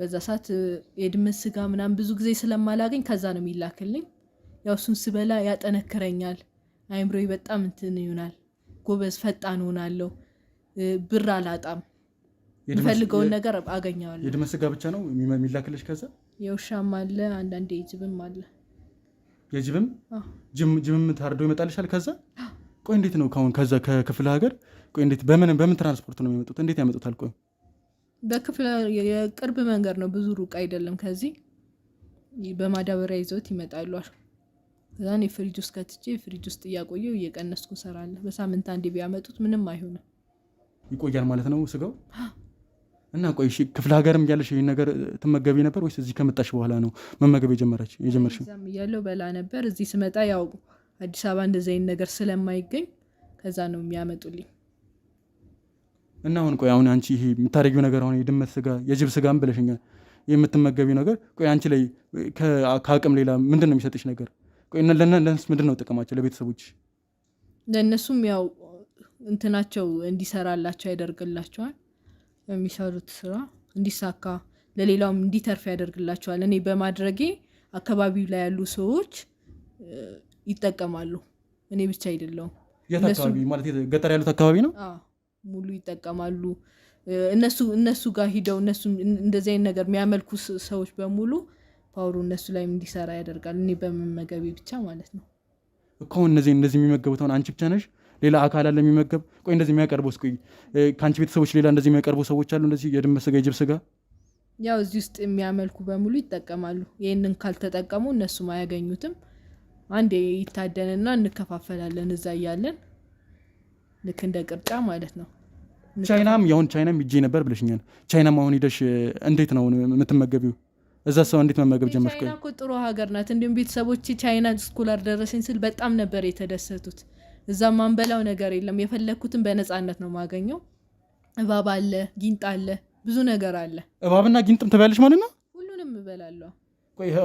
በዛ ሰዓት የድመት ስጋ ምናምን ብዙ ጊዜ ስለማላገኝ ከዛ ነው የሚላክልኝ። ያው እሱን ስበላ ያጠነክረኛል፣ አይምሮ በጣም እንትን ይሆናል፣ ጎበዝ ፈጣን ሆናለሁ፣ ብር አላጣም፣ የምፈልገውን ነገር አገኘዋለሁ። የድመት ስጋ ብቻ ነው የሚላክልሽ? ከዛ የውሻም አለ አንዳንድ የጅብም አለ። የጅብም ጅብም ታርዶ ይመጣልሻል? ከዛ ቆይ እንዴት ነው ከሁን ከዛ ከክፍለ ሀገር ቆይ እንዴት በምን በምን ትራንስፖርት ነው የሚመጡት? እንዴት ያመጡታል? ቆይ በክፍለ የቅርብ መንገድ ነው፣ ብዙ ሩቅ አይደለም። ከዚህ በማዳበሪያ ይዘውት ይመጣሉ። ከዛን የፍሪጅ ውስጥ ከትቼ ፍሪጅ ውስጥ እያቆየው እየቀነስኩ እሰራለሁ። በሳምንት አንዴ ቢያመጡት ምንም አይሆንም፣ ይቆያል ማለት ነው ስጋው እና ቆይ ክፍለ ሀገርም እያለሽ ይህን ነገር ትመገቢ ነበር ወይስ እዚህ ከመጣሽ በኋላ ነው መመገብ የጀመረች የጀመርሽው? እያለሁ በላ ነበር። እዚህ ስመጣ ያው አዲስ አበባ እንደዚህ አይነት ነገር ስለማይገኝ ከዛ ነው የሚያመጡልኝ። እና አሁን ቆይ አሁን አንቺ ይሄ የምታደርጊው ነገር አሁን የድመት ስጋ የጅብ ስጋም ብለሽኛል። የምትመገቢው ነገር ቆይ አንቺ ላይ ከአቅም ሌላ ምንድን ነው የሚሰጥሽ ነገር? ቆይ ለእነሱ ምንድን ነው ጥቅማቸው? ለቤተሰቦች ለእነሱም ያው እንትናቸው እንዲሰራላቸው ያደርግላቸዋል። የሚሰሩት ስራ እንዲሳካ ለሌላውም እንዲተርፍ ያደርግላቸዋል። እኔ በማድረጌ አካባቢው ላይ ያሉ ሰዎች ይጠቀማሉ። እኔ ብቻ አይደለሁም። የት አካባቢ ማለት ገጠር ያሉት አካባቢ ነው ሙሉ ይጠቀማሉ። እነሱ እነሱ ጋር ሂደው እነሱ እንደዚህ አይነት ነገር የሚያመልኩ ሰዎች በሙሉ ፓወሩ እነሱ ላይም እንዲሰራ ያደርጋል። እኔ በመመገቤ ብቻ ማለት ነው እኮ እነዚህ እንደዚህ የሚመገቡት አሁን አንቺ ብቻ ነሽ? ሌላ አካል አለ የሚመገብ? ቆይ እንደዚህ የሚያቀርቡ እስኪ ከአንቺ ቤተሰቦች ሌላ እንደዚህ የሚያቀርቡ ሰዎች አሉ? እንደዚህ የድመት ስጋ፣ የጅብ ስጋ ያው እዚህ ውስጥ የሚያመልኩ በሙሉ ይጠቀማሉ። ይህንን ካልተጠቀሙ እነሱም አያገኙትም። አንድ ይታደንና እንከፋፈላለን እዛ እያለን ልክ እንደ ቅርጫ ማለት ነው። ቻይናም ያሁን ቻይናም ሂጄ ነበር ብለሽኛል። ቻይናም አሁን ሂደሽ እንዴት ነው የምትመገቢው? እዛ ሰው እንዴት መመገብ ጀመር? ቻይና ጥሩ ሀገር ናት። እንዲሁም ቤተሰቦች ቻይና ስኩላር ደረሰኝ ስል በጣም ነበር የተደሰቱት። እዛ ማንበላው ነገር የለም። የፈለግኩትን በነፃነት ነው ማገኘው። እባብ አለ፣ ጊንጥ አለ፣ ብዙ ነገር አለ። እባብና ጊንጥም ትበያለሽ ማለት ነው? ሁሉንም እበላለሁ።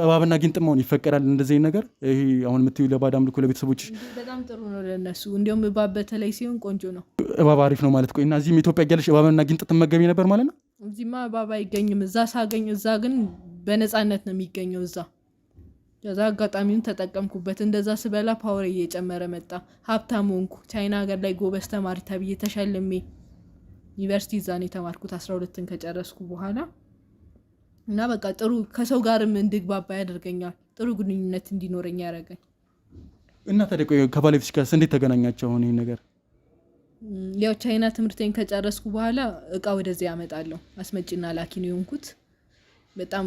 እባብና ጊንጥ መሆን ይፈቀዳል? እንደዚህ ነገር ይሄ አሁን የምትዩ ለባዕድ አምልኮ ለቤተሰቦች በጣም ጥሩ ነው ለነሱ እንዲሁም እባብ በተለይ ሲሆን ቆንጆ ነው። እባብ አሪፍ ነው ማለት። ቆይ እና እዚህም ኢትዮጵያ እያለሽ እባብና ጊንጥ ትመገቢ ነበር ማለት ነው? እዚህማ እባብ አይገኝም። እዛ ሳገኝ፣ እዛ ግን በነፃነት ነው የሚገኘው እዛ ከዛ አጋጣሚውን ተጠቀምኩበት። እንደዛ ስበላ ፓወር እየጨመረ መጣ፣ ሀብታም ሆንኩ። ቻይና ሀገር ላይ ጎበዝ ተማሪ ተብዬ ተሸልሜ ዩኒቨርሲቲ እዛ ነው የተማርኩት አስራ ሁለትን ከጨረስኩ በኋላ እና በቃ ጥሩ ከሰው ጋርም እንድግባባ ያደርገኛል። ጥሩ ግንኙነት እንዲኖረኝ ያደረገኝ እና ታዲያ ከባለቤትሽ ጋር እንዴት ተገናኛቸው? አሁን ይህን ነገር ያው ቻይና ትምህርቴን ከጨረስኩ በኋላ እቃ ወደዚህ ያመጣለሁ አስመጭና ላኪ ነው የሆንኩት። በጣም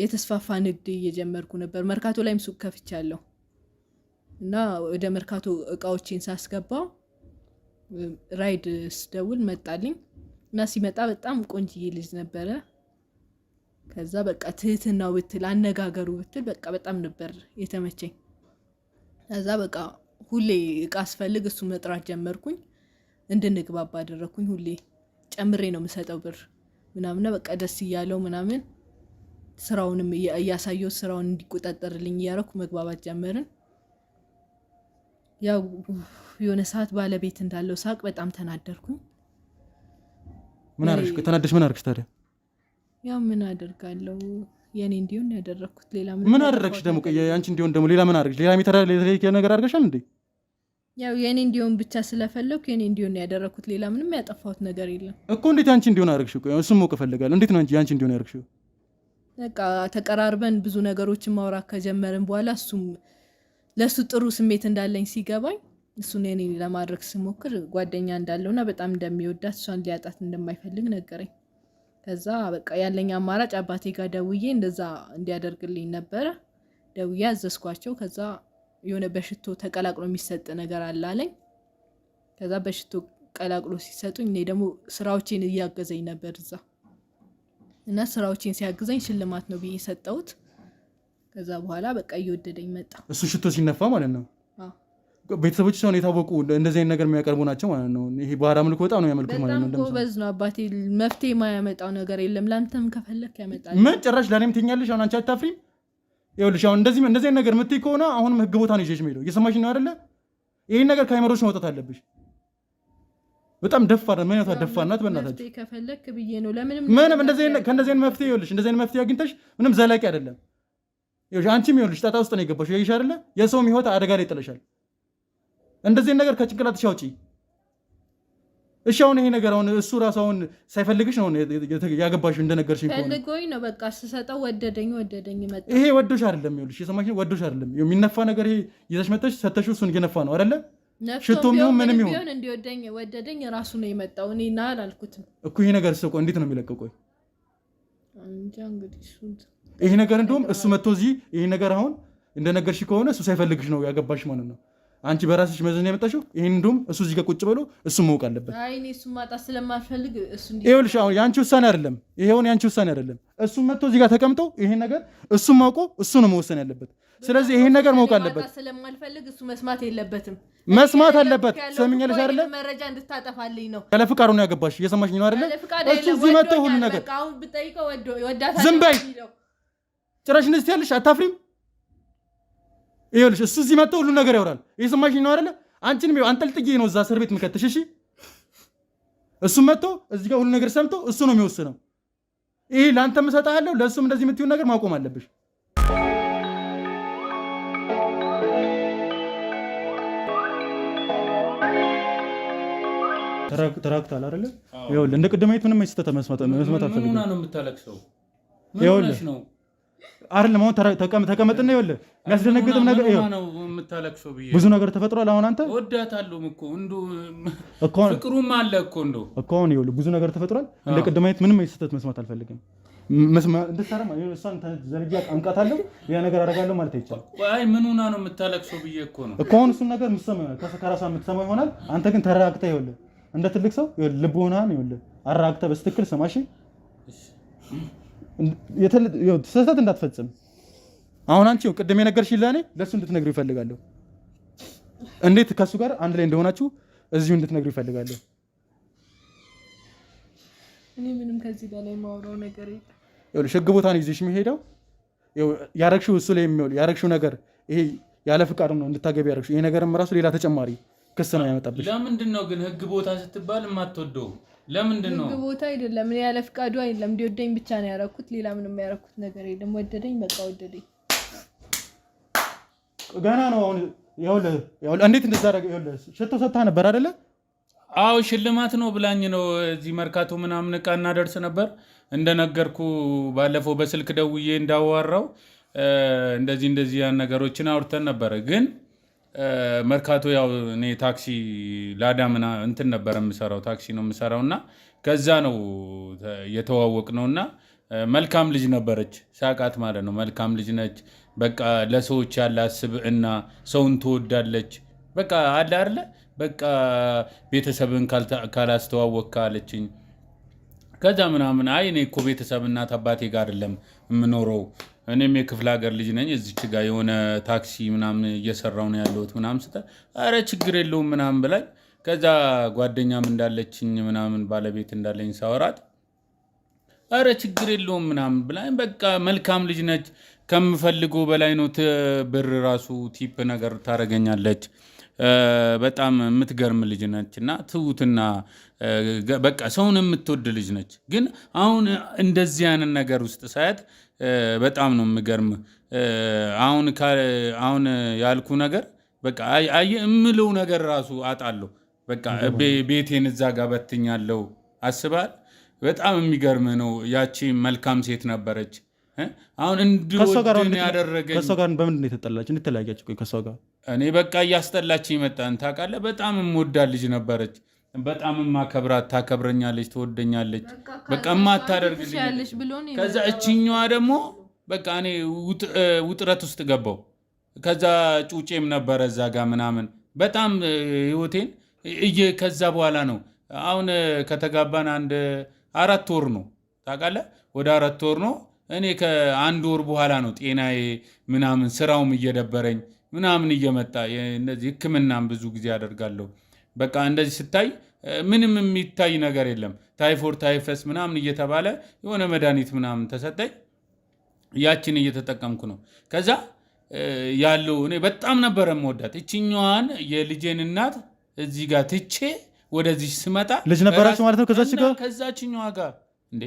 የተስፋፋ ንግድ እየጀመርኩ ነበር። መርካቶ ላይም ሱቅ ከፍቻለሁ እና ወደ መርካቶ እቃዎቼን ሳስገባው ራይድ ስደውል መጣልኝ እና ሲመጣ በጣም ቆንጅዬ ልጅ ነበረ። ከዛ በቃ ትህትናው ብትል አነጋገሩ ብትል በቃ በጣም ነበር የተመቸኝ። ከዛ በቃ ሁሌ እቃ አስፈልግ እሱ መጥራት ጀመርኩኝ፣ እንድንግባባ አደረግኩኝ። ሁሌ ጨምሬ ነው የምሰጠው ብር ምናምን በቃ ደስ እያለው ምናምን ስራውንም እያሳየው ስራውን እንዲቆጣጠርልኝ እያረኩ መግባባት ጀመርን። ያው የሆነ ሰዓት ባለቤት እንዳለው ሳቅ በጣም ተናደርኩኝ። ምን አደረግሽ? ተናደሽ ምን አደረግሽ ታዲያ? ያው ምን አደርጋለሁ የኔ እንዲሆን ያደረግኩት ሌላ ምን አደረግሽ? ደግሞ አንቺ እንዲሆን ደግሞ ሌላ ምን አደረግሽ? ሌላ የተለየ ነገር አድርገሻል እንዴ? ያው የኔ እንዲሆን ብቻ ስለፈለግኩ የኔ እንዲሆን ያደረግኩት ሌላ ምንም ያጠፋሁት ነገር የለም እኮ። እንዴት አንቺ እንዲሆን አደረግሽ? እሱም ሞቅ እፈልጋለሁ። እንዴት ነው አንቺ እንዲሆን ያደረግሽው? በቃ ተቀራርበን ብዙ ነገሮችን ማውራት ከጀመርን በኋላ እሱም ለእሱ ጥሩ ስሜት እንዳለኝ ሲገባኝ እሱን የኔ ለማድረግ ስሞክር ጓደኛ እንዳለውና በጣም እንደሚወዳት እሷን ሊያጣት እንደማይፈልግ ነገረኝ። ከዛ በቃ ያለኝ አማራጭ አባቴ ጋር ደውዬ እንደዛ እንዲያደርግልኝ ነበረ። ደውዬ አዘዝኳቸው። ከዛ የሆነ በሽቶ ተቀላቅሎ የሚሰጥ ነገር አላለኝ። ከዛ በሽቶ ቀላቅሎ ሲሰጡኝ እኔ ደግሞ ስራዎቼን እያገዘኝ ነበር እዛ እና ስራዎቼን ሲያግዘኝ ሽልማት ነው ብዬ ሰጠሁት። ከዛ በኋላ በቃ እየወደደኝ መጣ። እሱ ሽቶ ሲነፋ ማለት ነው። ቤተሰቦች የታወቁ እንደዚህ አይነት ነገር የሚያቀርቡ ናቸው ማለት ነው። ይሄ ባህል አምልኮ በጣም ነው የሚያመልኩት ማለት ነው። ጎበዝ ነው አባቴ። መፍትሄ የማያመጣው ነገር የለም። ለአንተም ከፈለክ ያመጣል። ምን ጭራሽ ለእኔም ትኛለሽ? አሁን አንቺ አታፍሪም? ይኸውልሽ አሁን እንደዚህ እንደዚህ አይነት ነገር የምትይ ከሆነ አሁንም ህግ ቦታ ነው ይዤሽ የምሄደው። እየሰማሽ ነው አይደለ? ይህን ነገር ከአይመሮች መውጣት አለብሽ። በጣም ደፋር ምን ያቷ ደፋር ናት። በእናታችሁ ከፈለክ ብዬ ነው። ለምንም ምንም እንደዚህ ከእንደዚህ አይነት መፍትሄ ይኸውልሽ፣ እንደዚህ አይነት መፍትሄ አግኝተሽ ምንም ዘላቂ አይደለም። ይኸውልሽ አንቺም ይኸውልሽ ጣጣ ውስጥ ነው የገባሽ። ይኸውልሽ አይደለ? የሰውም ህይወት አደጋ ላይ ይጥለሻል። እንደዚህ ነገር ከጭንቅላት ሻውጪ እሻውን ይሄ ነገር አሁን እሱ ራሱ አሁን ሳይፈልግሽ ነው ያገባሽ እንደነገርሽ ፈልጎኝ ነው። በቃ ስሰጠው ወደደኝ ወደደኝ መጣ። ይሄ ወዶሽ አይደለም ይኸውልሽ፣ የሰማሽ ወዶሽ አይደለም። የሚነፋ ነገር ይሄ ይዘሽ መጥተሽ ሰተሽው እሱን እየነፋ ነው አይደለ? ሽቶ ቢሆን ምንም ይሁን እንዲወደኝ ወደደኝ ራሱ ነው የመጣው። እኔ ና አላልኩትም እኮ። ይሄ ነገር ሰቆ እንዴት ነው የሚለቀው? ይሄ ነገር እንደውም እሱ መጥቶ እዚህ ይሄ ነገር አሁን እንደነገርሽ ከሆነ እሱ ሳይፈልግሽ ነው ያገባሽ ማለት ነው። አንቺ በራስሽ መዘን ያመጣሽው ይሄን እንደውም እሱ እዚህ ጋር ቁጭ ብሎ እሱ ማወቅ አለበት። አይ እሱ ማጣት ስለማልፈልግ እሱ እንዴ ይኸውልሽ፣ አሁን ያንቺ ውሳኔ አይደለም፣ ይሄውን ያንቺ ውሳኔ አይደለም። እሱ መጥቶ እዚህ ጋር ተቀምጦ ይሄን ነገር እሱ ማውቆ እሱ ነው መወሰን ያለበት። ስለዚህ ይሄን ነገር ማወቅ አለበት። ስለማልፈልግ እሱ መስማት የለበትም፣ መስማት አለበት። ሰምኛለሽ አይደለ? መረጃ እንድታጠፋልኝ ነው። ያለ ፍቃዱ ነው ያገባሽ። እየሰማሽኝ ነው አይደለ? እሱ እዚህ መጥቶ ሁሉ ነገር ዝም በይ። ጭራሽ እንደዚህ ያለሽ አታፍሪም ይኸውልሽ እሱ እዚህ መጥቶ ሁሉን ነገር ያወራል። እየሰማሽኝ ነው አይደለ? አንቺንም ይኸው አንጠልጥዬ ነው እዛ እስር ቤት የምከትሽ። እሺ እሱ መጥቶ እዚህ ጋር ሁሉ ነገር ሰምቶ እሱ ነው የሚወስነው። ይሄ ለአንተም እሰጥሃለሁ፣ ለእሱም እንደዚህ የምትይውን ነገር ማቆም አለብሽ። ተራክቷል አይደለ? ይኸውልህ እንደ ቅድመ ቤት ምንም መስማት አልፈልግም። ምን ሆና ነው የምታለቅሰው? ምን ሆነሽ ነው? አይደለም አሁን ተቀመጥና ይኸውልህ የሚያስደነግጥም ነገር ብዙ ነገር ተፈጥሯል። አሁን አንተ ወዳታለሁም እኮ ፍቅሩም አለ እኮ እኮ ብዙ ነገር ተፈጥሯል። እንደ ቅድም አይነት ምንም ስህተት መስማት አልፈልግም። እንድታረም እሷን ዘልጌ አንቃታለሁ። ያ ነገር አደርጋለሁ ማለት አይቻልም። አይ ምን ነው የምታለቅሰው ብዬ እኮ ነው እኮ ነገር ይሆናል፣ የምትሰማ ይሆናል። አንተ ግን ተረጋግተህ ይኸውልህ እንደ ትልቅ ሰው ልብህን ይኸውልህ አረጋግተህ በስትክክል ስማ እሺ ስህተት እንዳትፈጽም። አሁን አንቺ ቅድም የነገርሽኝ ለእኔ ለእሱ እንድትነግሩ ይፈልጋለሁ። እንዴት ከእሱ ጋር አንድ ላይ እንደሆናችሁ እዚሁ እንድትነግሩ ይፈልጋለሁ። እኔ ምንም ከዚህ በላይ የማወራው ነገር ህግ ነው ይዘሽ የሚሄደው ያረግሽው እሱ ላይ የሚውል ያረግሽው ነገር ይሄ ያለ ፍቃድ ነው እንድታገቢ ያረግሽው ይሄ ነገርም ራሱ ሌላ ተጨማሪ ክስ ነው ያመጣብሽ። ለምንድን ነው ግን ህግ ቦታ ስትባል የማትወደው? ለምንድን ነው ቦታ አይደለም፣ እኔ ያለ ፍቃዱ አይደለም። እንዲወደኝ ብቻ ነው ያደረኩት። ሌላ ምንም ያደረኩት ነገር የለም። ወደደኝ፣ በቃ ወደደኝ። ገና ነው አሁን። ይኸውልህ እንዴት እንደዛረገ ይኸውልህ ሽቶ ሰጥታ ነበር አይደለ? አዎ ሽልማት ነው ብላኝ ነው። እዚህ መርካቶ ምናምን እቃ እናደርስ ነበር እንደነገርኩ፣ ባለፈው በስልክ ደውዬ እንዳዋራው እንደዚህ እንደዚህ ያን ነገሮችን አውርተን ነበረ ግን መርካቶ ያው እኔ ታክሲ ላዳ ምና እንትን ነበር የምሰራው ታክሲ ነው የምሰራው እና ከዛ ነው የተዋወቅ ነው እና መልካም ልጅ ነበረች። ሳቃት ማለት ነው። መልካም ልጅ ነች። በቃ ለሰዎች ያላት እና ሰውን ትወዳለች። በቃ አለ አለ በቃ ቤተሰብን ካላስተዋወቅ ካለችኝ ከዛ ምናምን አይ እኔ እኮ ቤተሰብ እናት አባቴ ጋር አይደለም የምኖረው እኔም የክፍለ ሀገር ልጅ ነኝ። እዚች ጋር የሆነ ታክሲ ምናምን እየሰራው ነው ያለሁት ምናምን ስተ አረ ችግር የለውም ምናምን ብላኝ፣ ከዛ ጓደኛም እንዳለችኝ ምናምን ባለቤት እንዳለኝ ሳወራት አረ ችግር የለውም ምናምን ብላኝ፣ በቃ መልካም ልጅ ነች ከምፈልገው በላይ ነው ብር ራሱ ቲፕ ነገር ታደርገኛለች በጣም የምትገርም ልጅ ነች እና ትሁትና በቃ ሰውን የምትወድ ልጅ ነች። ግን አሁን እንደዚህ አይነት ነገር ውስጥ ሳያት በጣም ነው የምገርም። አሁን አሁን ያልኩ ነገር በቃ የምለው ነገር ራሱ አጣለሁ። በቃ ቤቴን እዛ ጋር በትኛለው። አስባል። በጣም የሚገርም ነው። ያቺ መልካም ሴት ነበረች። አሁን እንዲወድን ያደረገኝ ከእሷ ጋር በምንድን ነው የተጠላች? እንድትለያያችሁ ከእሷ ጋር እኔ በቃ እያስጠላችኝ መጣን። ታውቃለህ፣ በጣም የምወዳት ልጅ ነበረች። በጣም ማከብራት ታከብረኛለች፣ ትወደኛለች። በቃ የማታደርግልኝ ከዛ እችኛዋ ደግሞ በቃ እኔ ውጥረት ውስጥ ገባው። ከዛ ጩጬም ነበረ እዛ ጋ ምናምን በጣም ህይወቴን እየ ከዛ በኋላ ነው አሁን ከተጋባን አንድ አራት ወር ነው ታውቃለህ፣ ወደ አራት ወር ነው። እኔ ከአንድ ወር በኋላ ነው ጤናዬ ምናምን ስራውም እየደበረኝ ምናምን እየመጣ እነዚህ ህክምናም ብዙ ጊዜ ያደርጋለሁ። በቃ እንደዚህ ስታይ ምንም የሚታይ ነገር የለም። ታይፎር ታይፈስ ምናምን እየተባለ የሆነ መድኃኒት ምናምን ተሰጠኝ። ያችን እየተጠቀምኩ ነው። ከዛ ያለው እኔ በጣም ነበረ መወዳት እችኛዋን የልጄን እናት እዚህ ጋር ትቼ ወደዚህ ስመጣ ልጅ ነበራችሁ ማለት ነው። ከዛችኛዋ ጋር እንዴ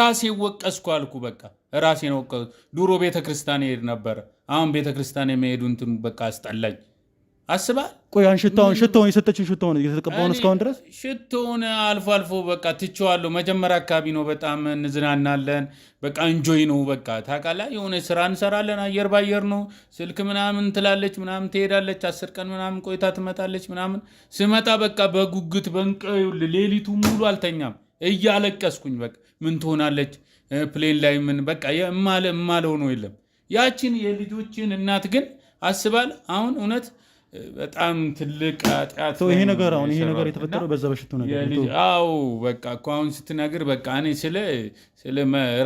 ራሴ ወቀስኩ አልኩ በቃ ራሴን ወቀሱ። ዱሮ ቤተ ክርስቲያን ይሄድ ነበር። አሁን ቤተ ክርስቲያን የመሄዱንትን በቃ አስጠላኝ። አስባል ቆያን ሽቶን ሽቶን ሽቶውን የሰጠችን ሽቶውን እየተቀባውን እስካሁን ድረስ ሽቶን አልፎ አልፎ በቃ ትቼዋለሁ። መጀመሪያ አካባቢ ነው በጣም እንዝናናለን። በቃ እንጆይ ነው በቃ ታውቃለህ። የሆነ ስራ እንሰራለን። አየር ባየር ነው። ስልክ ምናምን ትላለች ምናምን ትሄዳለች። አስር ቀን ምናምን ቆይታ ትመጣለች ምናምን። ስመጣ በቃ በጉግት በንቀ ሌሊቱ ሙሉ አልተኛም። እያለቀስኩኝ በቃ ምን ትሆናለች ፕሌን ላይ ምን በቃ የማለ የማለው ነው የለም። ያችን የልጆችን እናት ግን አስባል። አሁን እውነት በጣም ትልቅ ኃጢአት ይሄ ነገር አሁን ይሄ ነገር የተፈጠረው በዛ በሽቱ ነገር አዎ፣ በቃ እኮ አሁን ስትነግር በቃ እኔ ስለ ስለ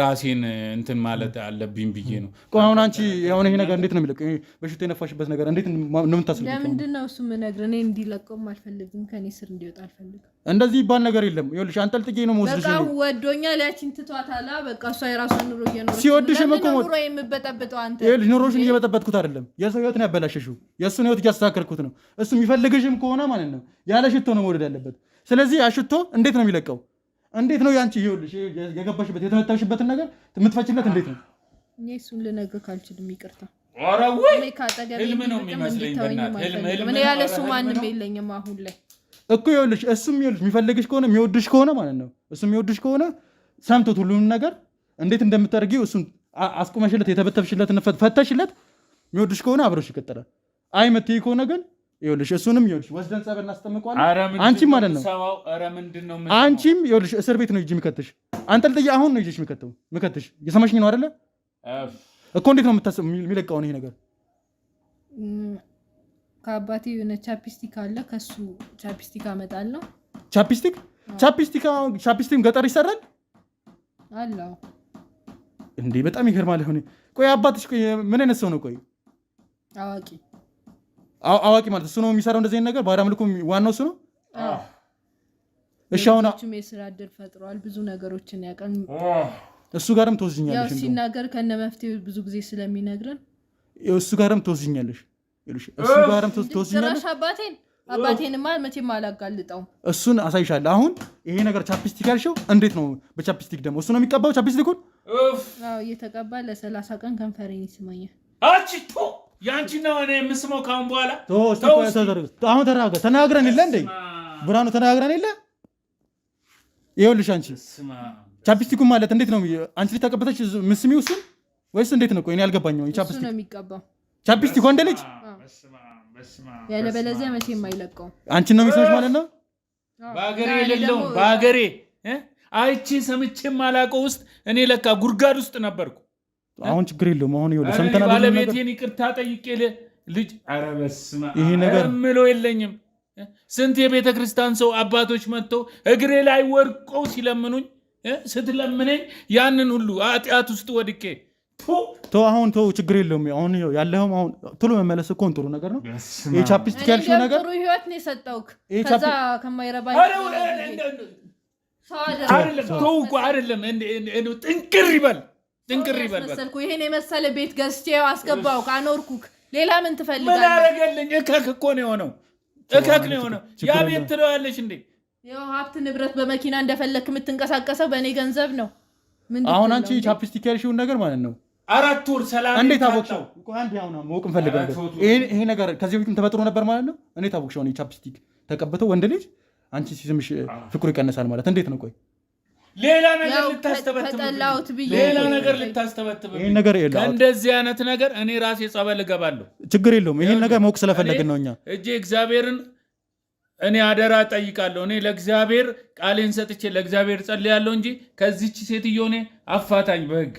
ራሴን እንትን ማለት አለብኝ ብዬ ነው እኮ። አሁን አንቺ አሁን ይሄ ነገር እንዴት ነው የሚለቀው? ይሄ በሽቱ የነፋሽበት ነገር እንዴት ነው የምታስልበት? ለምንድን ነው እሱ የምነግርህ? እኔ እንዲለቀውም አልፈልግም፣ ከኔ ስር እንዲወጣ አልፈልግም። እንደዚህ ይባል ነገር የለም። ይኸውልሽ አንጠልጥቄ ነው መወስድሽ። በቃ ወዶኛል፣ ያቺን ትቷታላ። በቃ እሷ የራሷን ኑሮ እየኖረች ሲወድሽም እኮ ኑሮ የምበጠብጠው አንተ። ይኸውልሽ ኑሮሽን እየበጠበጥኩት አይደለም፣ የሰው ህይወት ነው ያበላሸሽው። የእሱን ህይወት እያስተካከልኩት ነው። እሱ የሚፈልግሽም ከሆነ ማለት ነው ያለ ሽቶ ነው መውደድ ያለበት። ስለዚህ አሽቶ እንዴት ነው የሚለቀው? እንዴት ነው ያንቺ ይኸውልሽ የገባሽበት የተመታሽበትን ነገር የምትፈችለት እንዴት ነው? እኔ እሱን ልነግርህ አልችልም፣ ይቅርታ ኧረ ወይ ካጠገቤ ነው የሚመስለኝ። ያለ እሱ ማንም የለኝም አሁን ላይ እኮ ይኸውልሽ፣ እሱም ይኸውልሽ የሚፈልግሽ ከሆነ የሚወድሽ ከሆነ ማለት ነው እሱም የሚወድሽ ከሆነ ሰምቶት ሁሉንም ነገር እንዴት እንደምታደርጊው እሱን አስቁመሽለት የተበተብሽለት ፈተሽለት የሚወድሽ ከሆነ አብረሽ ይቀጥላል። አይ መትይ ከሆነ ግን ይኸውልሽ እሱንም ይኸውልሽ ወስደን ጸበል እናስጠምቀዋለን። አንቺም ማለት ነው አንቺም ይኸውልሽ እስር ቤት ነው እጅ የሚከትሽ አንጠልጥዬ አሁን ነው ይዤሽ የሚከተው የሚከትሽ የሰማሽኝ ነው አይደለ እኮ እንዴት ነው የሚለቀውን ይሄ ነገር ከአባቴ የሆነ ቻፒስቲክ አለ። ከሱ ቻፒስቲክ አመጣለሁ። ቻፕስቲክ ቻፒስቲክ ቻፒስቲክ ገጠር ይሰራል አለ እንዴ? በጣም ይገርማል። ሆነ ቆይ አባትሽ ምን አይነት ሰው ነው? ቆይ አዋቂ አዋቂ ማለት እሱ ነው የሚሰራው እንደዚህ ነገር ባዳም ልኩም ዋናው እሱ ነው። እሺ አሁን የስራ እድል ፈጥሯል። ብዙ ነገሮችን ያቀን እሱ ጋርም ተወስኛለሽ። ሲናገር ከነ መፍትሄ ብዙ ጊዜ ስለሚነግረን እሱ ጋርም ተወስኛለሽ እሱ ጋርም ትወስኛለሽ። አባቴን አባቴንማ መቼም አላጋልጠውም። እሱን አሳይሻለሁ። አሁን ይሄ ነገር ቻፕስቲክ ያልሽው እንዴት ነው? በቻፕስቲክ ደግሞ እሱ ነው የሚቀባው ቻፕስቲኩን? አዎ እየተቀባ ለሰላሳ ቀን ከንፈሬን ይስመኛል። አቺቶ ያንቺና ሆነ የምስመው ካሁን በኋላ አሁን ተናገ ተናግረን የለ እንዴ ብርሃኑ ተናግረን የለ ይኸውልሽ አንቺ ቻፕስቲኩ ማለት እንዴት ነው? አንቺ ልታቀበተች ምስሚ እሱን ወይስ እንዴት ነው? ቆይ እኔ አልገባኝም። ቻፕስቲክ ነው የሚቀባው ቻፕስቲክ ወንድ ልጅ ያለበለዚያ መቼም አይለቀውም። አንቺን ነው የሚሰማሽ ማለት ነው። በሀገሬ የሌለውም በሀገሬ አይቺ ሰምቼም አላውቀው ውስጥ እኔ ለካ ጉድጓድ ውስጥ ነበርኩ። አሁን ችግር የለውም። አሁን ይኸውልህ ሰምተናል። ባለቤቴን ይቅርታ ጠይቄ ልጅ ኧረ በስመ አብ እምለው የለኝም። ስንት የቤተ ክርስቲያን ሰው አባቶች መጥተው እግሬ ላይ ወርቆ ሲለምኑኝ ስትለምነኝ ያንን ሁሉ ኃጢአት ውስጥ ወድቄ ቶ አሁን ቶ ችግር የለውም። አሁን ያለውም አሁን ቶሎ መመለስ እኮ ጥሩ ነገር ነው። ይሄ የቻፕስቲክ ያልሽው ነገር ጥሩ ህይወት ነው የሰጠውክ ከዛ ከማይረባ ተው እኮ አይደለም። ጥንቅር ይበል ጥንቅር ይበል መሰልኩ። ይሄን የመሰለ ቤት ገዝቼው አስገባው አኖርኩክ። ሌላ ምን ትፈልጋለህ? ምን አደረገልኝ? እከክ እኮ ነው የሆነው፣ እከክ ነው የሆነው። ያ ቤት ትለዋለች እንዴ? ያው ሀብት ንብረት በመኪና እንደፈለክ የምትንቀሳቀሰው በእኔ ገንዘብ ነው። አሁን አንቺ ቻፕስቲክ ያልሽውን ነገር ማለት ነው አራት ወር ሰላም እንዴት አወቅሽው? አንድ ያው ነው ማወቅ እንፈልገው ነገር ይሄ ነገር ከዚህ በፊትም ተፈጥሮ ነበር ማለት ነው። እንዴት አወቅሽው? እኔ ቻፕስቲክ ተቀብተው ወንድ ልጅ አንቺ ሲስምሽ ፍቅሩ ይቀነሳል ማለት እንዴት ነው? ቆይ ሌላ ነገር ልታስተበትብ ሌላ ነገር ልታስተበትብ ይሄን ነገር የለም። እንደዚህ አይነት ነገር እኔ ራሴ ጸበል እገባለሁ። ችግር የለውም። ይሄን ነገር ማወቅ ስለፈለግን ነው እኛ እጄ እግዚአብሔርን እኔ አደራ ጠይቃለሁ። እኔ ለእግዚአብሔር ቃሌን ሰጥቼ ለእግዚአብሔር ጸልያለሁ እንጂ ከዚች ሴትዮ እኔ አፋታኝ በህግ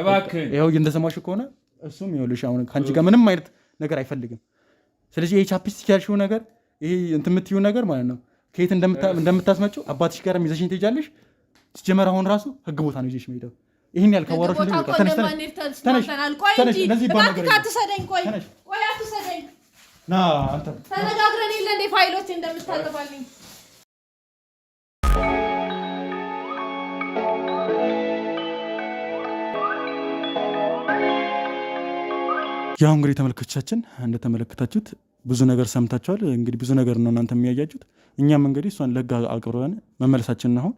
እባክህ ይኸው እንደሰማሽ ከሆነ እሱም ይኸውልሽ አሁን ከአንቺ ጋር ምንም አይነት ነገር አይፈልግም። ስለዚህ ይሄ ቻፕስቲክ ያልሽው ነገር ይሄ እንትን የምትይው ነገር ማለት ነው ከየት እንደምታስመጪው አባትሽ ጋር ይዘሽኝ ትሄጃለሽ። ስትጀመር አሁን ራሱ ህግ ቦታ ነው ይዘሽ መሄደው ይህን ያል ከዋሮሽ ተነጋግረን የለ እንደ ፋይሎች እንደምታጥባልኝ ያው እንግዲህ ተመልካቾቻችን እንደተመለከታችሁት ብዙ ነገር ሰምታችኋል። እንግዲህ ብዙ ነገር ነው እናንተ የሚያያችሁት። እኛም እንግዲህ እሷን ለህግ አቅርበን መመለሳችን አሁን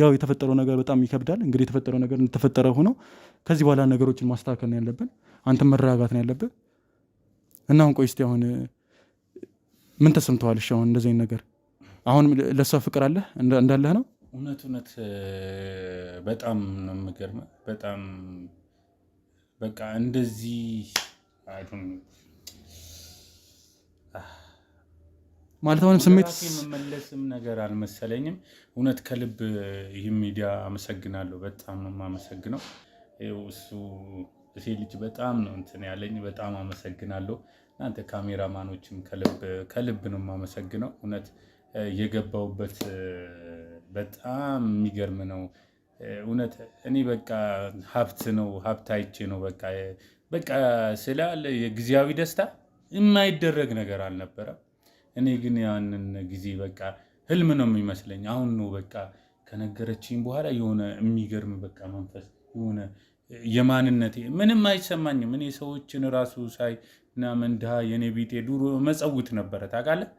ያው የተፈጠረው ነገር በጣም ይከብዳል። እንግዲህ የተፈጠረው ነገር እንደተፈጠረ ሆኖ ከዚህ በኋላ ነገሮችን ማስተካከል ነው ያለብን። አንተም መረጋጋት ነው ያለብን እና አሁን ቆይ እስኪ አሁን ምን ተሰምተዋል? እሺ አሁን እንደዚህ ነገር አሁን ለእሷ ፍቅር አለህ እንዳለህ ነው እውነት እውነት በጣም ነው የምገርመህ። በጣም በቃ እንደዚህ ማለት አሁንም ስሜት መመለስም ነገር አልመሰለኝም። እውነት ከልብ ይህ ሚዲያ አመሰግናለሁ። በጣም ነው የማመሰግነው። እሱ እሴ ልጅ በጣም ነው እንትን ያለኝ። በጣም አመሰግናለሁ። እናንተ ካሜራማኖችም ከልብ ነው የማመሰግነው። እውነት የገባውበት በጣም የሚገርም ነው። እውነት እኔ በቃ ሀብት ነው ሀብት አይቼ ነው በቃ በቃ ስላለ የጊዜያዊ ደስታ የማይደረግ ነገር አልነበረም። እኔ ግን ያንን ጊዜ በቃ ህልም ነው የሚመስለኝ። አሁን ነው በቃ ከነገረችኝ በኋላ የሆነ የሚገርም በቃ መንፈስ የሆነ የማንነቴ ምንም አይሰማኝም። እኔ ሰዎችን ራሱ ሳይ ምናምን ድሃ የኔ ቢጤ ዱሮ መጸውት ነበረ ታውቃለህ።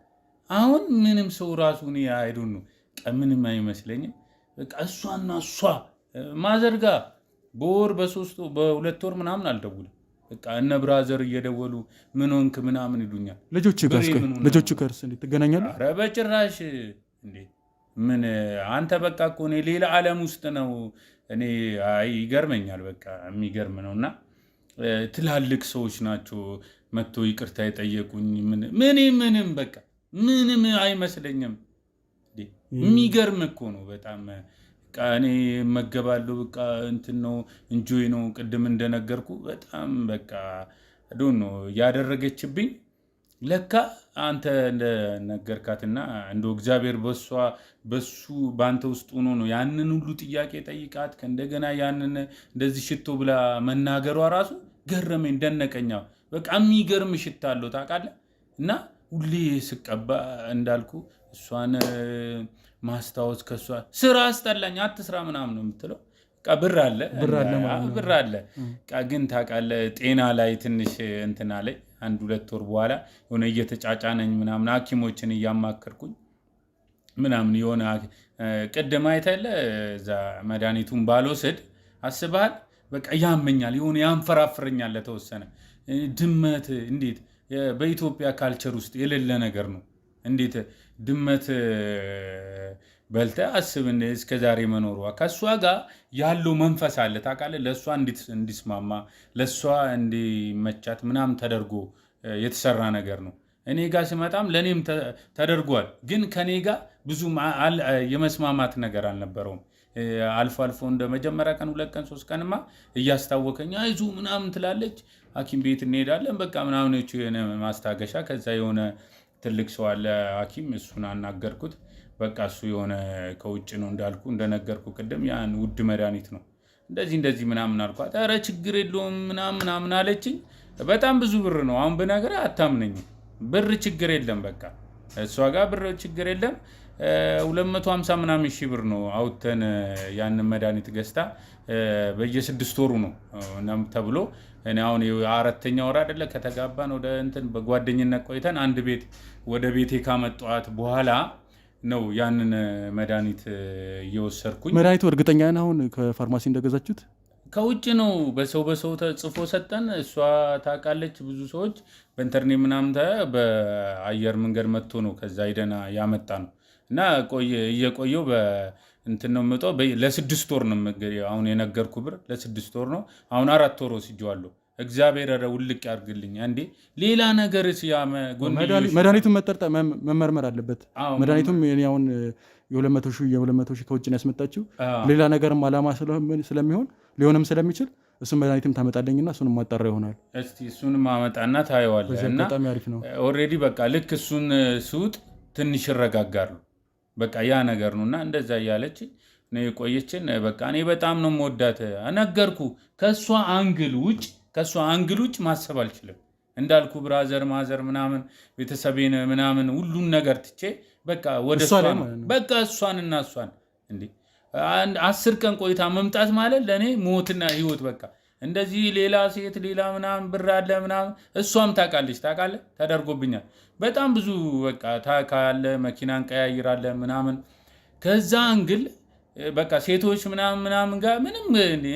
አሁን ምንም ሰው ራሱ እኔ ነው ምንም አይመስለኝም። በቃ እሷና እሷ ማዘርጋ በወር በሶስት በሁለት ወር ምናምን አልደውልም። በቃ እነ ብራዘር እየደወሉ ምን ሆንክ ምናምን ይሉኛል። ልጆች ከርስ ትገናኛለህ? ኧረ በጭራሽ እንዴ! ምን አንተ በቃ እኮ እኔ ሌላ ዓለም ውስጥ ነው እኔ ይገርመኛል። በቃ የሚገርም ነው። እና ትላልቅ ሰዎች ናቸው መጥቶ ይቅርታ የጠየቁኝ። ምን ምንም በቃ ምንም አይመስለኝም። የሚገርም እኮ ነው በጣም በቃ እኔ እመገባለሁ። በቃ እንትን ነው እንጆይ ነው። ቅድም እንደነገርኩ በጣም በቃ ዶን ነው ያደረገችብኝ። ለካ አንተ እንደነገርካትና እንደ እግዚአብሔር በሷ በሱ በአንተ ውስጥ ሆኖ ነው ያንን ሁሉ ጥያቄ ጠይቃት ከእንደገና ያንን እንደዚህ ሽቶ ብላ መናገሯ ራሱ ገረመኝ፣ ደነቀኛ። በቃ የሚገርም ሽታ አለው ታውቃለህ። እና ሁሌ ስቀባ እንዳልኩ እሷን ማስታወስ ከሷ ስራ አስጠላኝ አትስራ ምናምን ነው የምትለው። ብር አለ ብር አለ ግን ታውቃለህ፣ ጤና ላይ ትንሽ እንትና ላይ አንድ ሁለት ወር በኋላ የሆነ እየተጫጫነኝ ምናምን ሐኪሞችን እያማከርኩኝ ምናምን የሆነ ቅድም አይተለ እዛ መድኃኒቱን ባልወስድ አስበሃል፣ በቃ ያመኛል፣ የሆነ ያንፈራፍረኛል ለተወሰነ ድመት። እንዴት በኢትዮጵያ ካልቸር ውስጥ የሌለ ነገር ነው እንዴት ድመት በልተ አስብ እስከ ዛሬ መኖሯ ከእሷ ጋር ያለው መንፈስ አለ ታውቃለህ። ለእሷ እንዲስማማ ለእሷ እንዲመቻት ምናምን ተደርጎ የተሰራ ነገር ነው። እኔ ጋር ስመጣም ለእኔም ተደርጓል፣ ግን ከኔ ጋር ብዙ የመስማማት ነገር አልነበረውም። አልፎ አልፎ እንደ መጀመሪያ ቀን ሁለት ቀን ሶስት ቀንማ እያስታወከኝ አይዙ ምናምን ትላለች። ሐኪም ቤት እንሄዳለን በቃ ምናምን የሆነ ማስታገሻ ከዛ የሆነ ትልቅ ሰው አለ ሐኪም እሱን አናገርኩት። በቃ እሱ የሆነ ከውጭ ነው እንዳልኩ እንደነገርኩ ቅድም ያን ውድ መድኃኒት ነው እንደዚህ እንደዚህ ምናምን አልኳት። ኧረ ችግር የለውም ምናምን ምናምን አለችኝ። በጣም ብዙ ብር ነው አሁን ብነገር አታምነኝም። ብር ችግር የለም በቃ እሷ ጋር ብር ችግር የለም። 250 ምናምን ሺህ ብር ነው አውጥተን ያንን መድኃኒት ገዝታ በየስድስት ወሩ ነው ተብሎ እኔ አሁን አራተኛ ወር አደለ ከተጋባን ወደ እንትን በጓደኝነት ቆይተን አንድ ቤት ወደ ቤቴ ካመጧት በኋላ ነው ያንን መድኃኒት እየወሰድኩኝ። መድኃኒቱ እርግጠኛ ነህ አሁን ከፋርማሲ እንደገዛችሁት? ከውጭ ነው በሰው በሰው ተጽፎ ሰጠን። እሷ ታውቃለች። ብዙ ሰዎች በኢንተርኔት ምናምን በአየር መንገድ መጥቶ ነው ከዛ ሂደና ያመጣ ነው እና እየቆየው እንትን ነው የምጠው ለስድስት ወር ነው አሁን የነገርኩ ብር ለስድስት ወር ነው። አሁን አራት ወር ወስጄዋለሁ። እግዚአብሔር ረ ውልቅ ያርግልኝ። እንዴ ሌላ ነገር መድኃኒቱን መመርመር አለበት። መድኃኒቱም ሁን የሁለት መቶ ሺህ የሁለት መቶ ሺህ ከውጭ ነው ያስመጣችው። ሌላ ነገርም አላማ ስለሚሆን ሊሆንም ስለሚችል እሱን መድኃኒትም ታመጣለኝና እሱን ማጣራ ይሆናል። እስቲ እሱንም አመጣና ታየዋለህ። እና ኦልሬዲ በቃ ልክ እሱን ስውጥ ትንሽ ይረጋጋሉ። በቃ ያ ነገር ነው እና እንደዛ እያለች ቆየችን በቃ እኔ በጣም ነው መወዳት ነገርኩ። ከእሷ አንግል ውጭ ከእሷ አንግል ውጭ ማሰብ አልችልም እንዳልኩ ብራዘር ማዘር ምናምን ቤተሰቤን ምናምን ሁሉን ነገር ትቼ በቃ ወደ በቃ እሷን እና እሷን እንዴ አስር ቀን ቆይታ መምጣት ማለት ለእኔ ሞትና ህይወት በቃ እንደዚህ ሌላ ሴት ሌላ ምናምን ብር አለ ምናምን እሷም ታውቃለች። ታውቃለህ ተደርጎብኛል በጣም ብዙ በቃ ታውቃለ መኪናን ቀያይራለ ምናምን ከዛ እንግል በቃ ሴቶች ምናምን ምናምን ጋር ምንም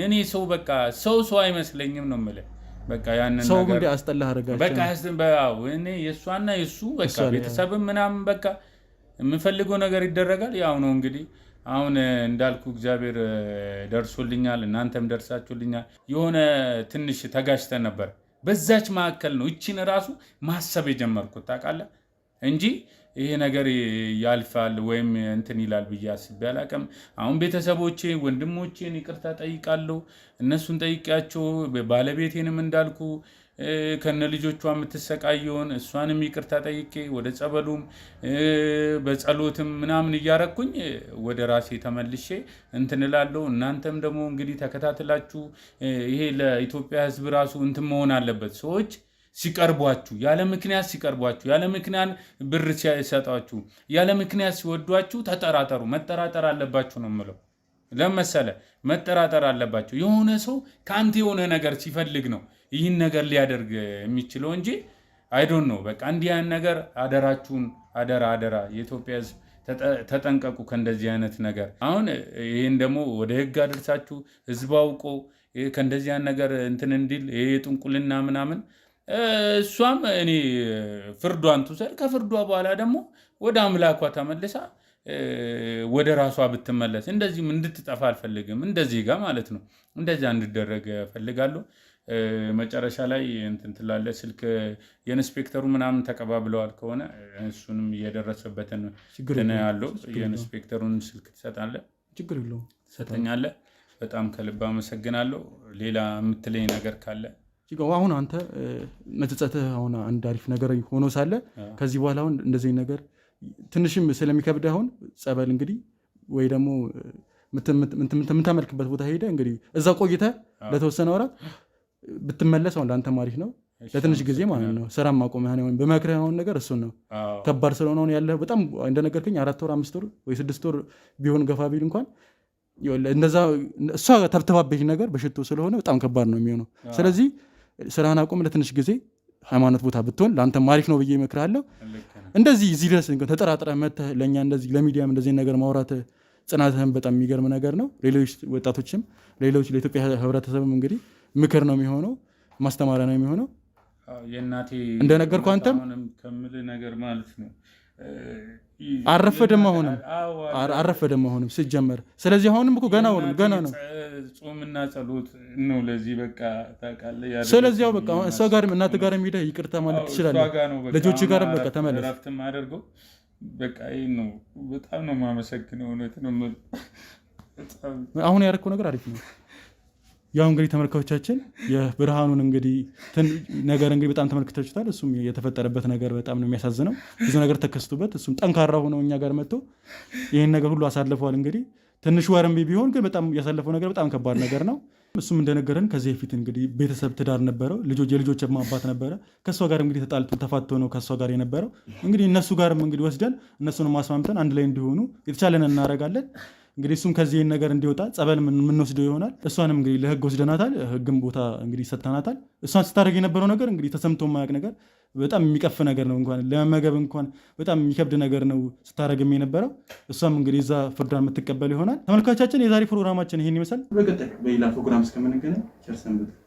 እኔ ሰው በቃ ሰው ሰው አይመስለኝም ነው የምልህ። በቃ ያንን ሰው በቃ አስጠላህ አደረጋቸው። እኔ የእሷና የእሱ በቃ ቤተሰብም ምናምን በቃ የምፈልገው ነገር ይደረጋል። ያው ነው እንግዲህ አሁን እንዳልኩ እግዚአብሔር ደርሶልኛል፣ እናንተም ደርሳችሁልኛል። የሆነ ትንሽ ተጋጭተን ነበር። በዛች መካከል ነው እችን ራሱ ማሰብ የጀመርኩት ታውቃለህ፣ እንጂ ይሄ ነገር ያልፋል ወይም እንትን ይላል ብዬ አስቤ አላውቅም። አሁን ቤተሰቦቼ ወንድሞቼን ይቅርታ ጠይቃለሁ፣ እነሱን ጠይቂያቸው ባለቤቴንም እንዳልኩ ከነ ልጆቿ የምትሰቃየውን እሷንም ይቅርታ ጠይቄ ወደ ጸበሉም በጸሎትም ምናምን እያረኩኝ ወደ ራሴ ተመልሼ እንትን እላለሁ። እናንተም ደግሞ እንግዲህ ተከታትላችሁ ይሄ ለኢትዮጵያ ሕዝብ ራሱ እንትን መሆን አለበት ሰዎች ሲቀርቧችሁ ያለ ምክንያት ሲቀርቧችሁ ያለ ምክንያት ብር ሲሰጧችሁ ያለ ምክንያት ሲወዷችሁ ተጠራጠሩ። መጠራጠር አለባችሁ ነው የምለው። ለመሰለ መጠራጠር አለባቸው። የሆነ ሰው ከአንተ የሆነ ነገር ሲፈልግ ነው ይህን ነገር ሊያደርግ የሚችለው እንጂ አይዶን ነው። በቃ እንዲህ ያን ነገር አደራችሁን፣ አደራ አደራ፣ የኢትዮጵያ ሕዝብ ተጠንቀቁ ከእንደዚህ አይነት ነገር። አሁን ይህን ደግሞ ወደ ህግ አድርሳችሁ ህዝብ አውቆ ከእንደዚህ ነገር እንትን እንዲል የጥንቁልና ምናምን እሷም እኔ ፍርዷን ትውሰድ። ከፍርዷ በኋላ ደግሞ ወደ አምላኳ ተመልሳ ወደ ራሷ ብትመለስ፣ እንደዚህም እንድትጠፋ አልፈልግም። እንደዚህ ጋር ማለት ነው። እንደዚያ እንድደረግ እፈልጋለሁ። መጨረሻ ላይ እንትን ትላለህ ስልክ የኢንስፔክተሩ ምናምን ተቀባብለዋል ከሆነ እሱንም እየደረሰበትን የደረሰበትን ያለው የኢንስፔክተሩን ስልክ ትሰጣለ፣ ችግር የለውም ትሰጠኛለህ። በጣም ከልብ አመሰግናለሁ። ሌላ የምትለኝ ነገር ካለ አሁን አንተ መጸጸትህ አሁን አንድ አሪፍ ነገር ሆኖ ሳለ ከዚህ በኋላ አሁን እንደዚህ ነገር ትንሽም ስለሚከብድ አሁን ጸበል እንግዲህ ወይ ደግሞ የምታመልክበት ቦታ ሄደ እንግዲህ እዛ ቆይተ ለተወሰነ ወራት ብትመለስ አሁን ለአንተ ማሪፍ ነው ለትንሽ ጊዜ ማለት ነው። ስራ ማቆም ሆን በመክረህ የሆን ነገር እሱን ነው ከባድ ስለሆነ አሁን ያለህ በጣም እንደነገርከኝ አራት ወር አምስት ወር ወይ ስድስት ወር ቢሆን ገፋ ቢል እንኳን እንደዛ እሷ ተብተባበች ነገር በሽቶ ስለሆነ በጣም ከባድ ነው የሚሆነው። ስለዚህ ስራህን አቁም ለትንሽ ጊዜ ሃይማኖት ቦታ ብትሆን ለአንተ ማሪፍ ነው ብዬ እመክርሃለሁ። እንደዚህ እዚህ ድረስ ተጠራጥረህ መተህ ለእኛ እንደዚህ ለሚዲያም እንደዚህ ነገር ማውራት ጽናትህን በጣም የሚገርም ነገር ነው። ሌሎች ወጣቶችም ሌሎች ለኢትዮጵያ ህብረተሰብም እንግዲህ ምክር ነው የሚሆነው፣ ማስተማሪያ ነው የሚሆነው። የእናቴ እንደነገርኩህ አንተም ከምል ነገር አረፈደም አሁንም አረፈደም አሁንም ሲጀመር። ስለዚህ አሁንም እኮ ገና ነው ገና ነው ጾምና ጸሎት ነው ለዚህ በቃ ታውቃለህ። ስለዚህ ያው በቃ እሷ ጋር እናት ጋር ሄደ ይቅርታ ማለት ትችላለህ። ልጆች ጋር በቃ ተመለስ። በቃ ይሄ ነው። በጣም ነው የማመሰግነው። እውነት ነው። አሁን ያደረኩት ነገር አሪፍ ነው። ያው እንግዲህ ተመልካቾቻችን የብርሃኑን እንግዲህ ነገር እንግዲህ በጣም ተመልክተችታል እሱም የተፈጠረበት ነገር በጣም ነው የሚያሳዝነው። ብዙ ነገር ተከስቶበት እሱም ጠንካራ ሆኖ እኛ ጋር መጥቶ ይህን ነገር ሁሉ አሳልፈዋል። እንግዲህ ትንሽ ወረምቢ ቢሆን ግን በጣም ያሳለፈው ነገር በጣም ከባድ ነገር ነው። እሱም እንደነገረን ከዚህ በፊት እንግዲህ ቤተሰብ ትዳር ነበረው፣ ልጆች የልጆች አባት ነበረ። ከእሷ ጋር እንግዲህ ተጣልቶ ተፋቶ ነው ከእሷ ጋር የነበረው። እንግዲህ እነሱ ጋርም እንግዲህ ወስደን እነሱን ማስማምተን አንድ ላይ እንዲሆኑ የተቻለን እናደርጋለን። እንግዲህ እሱም ከዚህ ነገር እንዲወጣ ጸበል የምንወስደው ይሆናል። እሷንም እንግዲህ ለህግ ወስደናታል። ህግም ቦታ እንግዲህ ሰጥተናታል። እሷን ስታደርግ የነበረው ነገር እንግዲህ ተሰምቶ ማያቅ ነገር በጣም የሚቀፍ ነገር ነው። እንኳን ለመመገብ እንኳን በጣም የሚከብድ ነገር ነው ስታደርግም የነበረው። እሷም እንግዲህ እዛ ፍርዷን የምትቀበል ይሆናል። ተመልካቻችን፣ የዛሬ ፕሮግራማችን ይህን ይመስላል። በቀጣይ በሌላ ፕሮግራም እስከምንገናኝ ቸር ሰንብቱ።